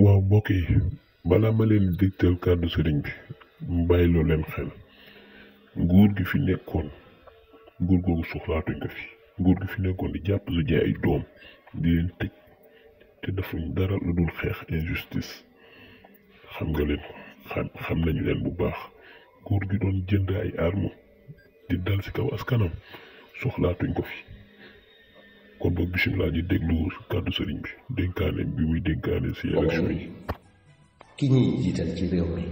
waaw mbokk yi balaa ma leen digtal kàddu sëriñ bi mu leen xel nguur gi fi nekkoon nguur googu soxlaatuñ ko fi nguur gi fi nekkoon di jàpp su ay doom di leen tëj te defuñ dara lu dul xeex injustice xam nga leen xam xam nañu leen bu baax nguur gi doon jënd ay armes di dal ci kaw askanam soxlaatuñ ko fi. kon bisimilah di déglu kàddu sëriñ bi bi muy dénkaane si élection ki ñuy jiital ci réew mi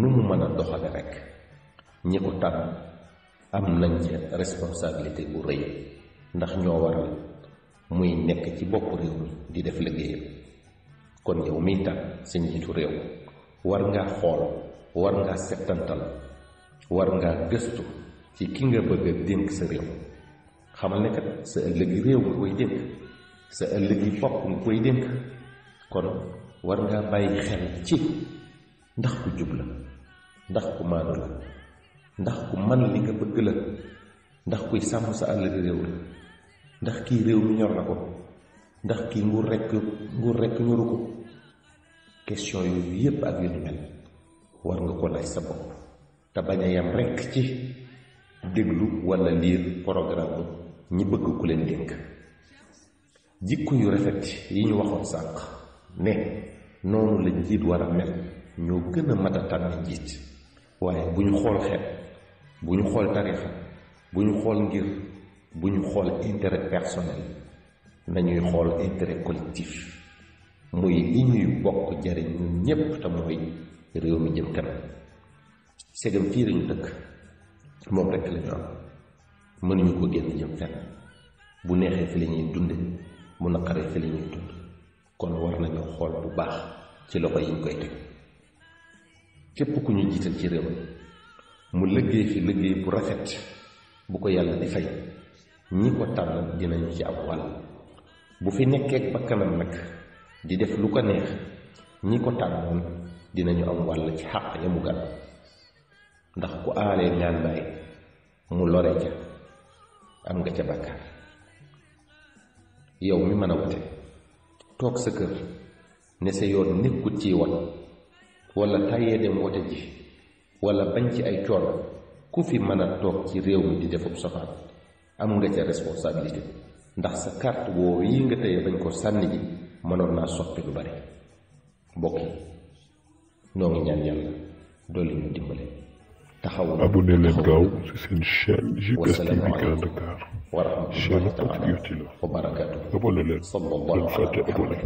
nu mu mën a doxale rek ñi ko tànn am nañ ci responsabilité bu rëy ndax ñoo waral muy nekk ci bokk réew mi di def liggéeyam kon yow miy tànn sa njiitu réew war ngaa xool war ngaa settantal war ngaa gëstu ci ki nga bëgg dénk sa réew. xamal ne kat sa ëllëg réew nga koy dénk sa ëllëg yi bopp nga koy dénk kon war ngaa bàyyi xel ci ndax ku jub la ndax ku maanu la ndax ku man li nga bëgg la ndax kuy sàmm sa ëllëg réew la ndax kii réew mi ñor na ko ndax kii nguur rekk nguur rekk ñoru ko question yooyu yépp ak yu ni mel war nga ko laaj sa bopp te bañ a yam rekk ci déglu wala liir programme ñi bëgg ku leen dénk jikko yu rafet yi ñu waxoon sànq ne noonu la njiit war a mel ñoo gën a mat a tànn njiit waaye bu ñu xool xeet bu ñu xool tarixa bu ñu xool ngir bu ñu xool intere personnel nañuy xool intérêt collectif muy li ñuy bokk jariñ ñun ñépp te mooy réew mi jëm kanam segam fii lañu dëkk moom rekk lañu am mënuñu ko génn jëm fenn bu neexee fi la ñuy dunde bu naqaree fi la ñuy dund kon war nañoo xool bu baax ci loxo yiñ koy teg képp ku ñu jiital ci réew mu lëggee fi lëggee bu rafet bu ko yàlla di fay ñi ko tànn dinañ ci am wàll bu fi nekkee bakkanam nag di def lu ko neex ñi ko tànnoon dinañu am wàll ci xàq ya mu ndax ku aalee ñaan bàyyi mu lore ca am nga ca bàkkaar yow mi mën a wate toog sa kër ne sa yoon nekkut ci wat wala tàyyee dem wate ji wala bañ ci ay coono ku fi mën a toog ci réew mi di defub safaan am nga ca responsabilité ndax sa carte woowu yi nga teye bañ ko sànni ji mënoon naa soppi lu bare mbokk yi noo ngi ñaan yàlla dolli ñu dimbale taxawu abonné leen gaaw ci seen chaîne JPS TV Grand Dakar chaîne patriotique la abonné leen leen fàtte abonné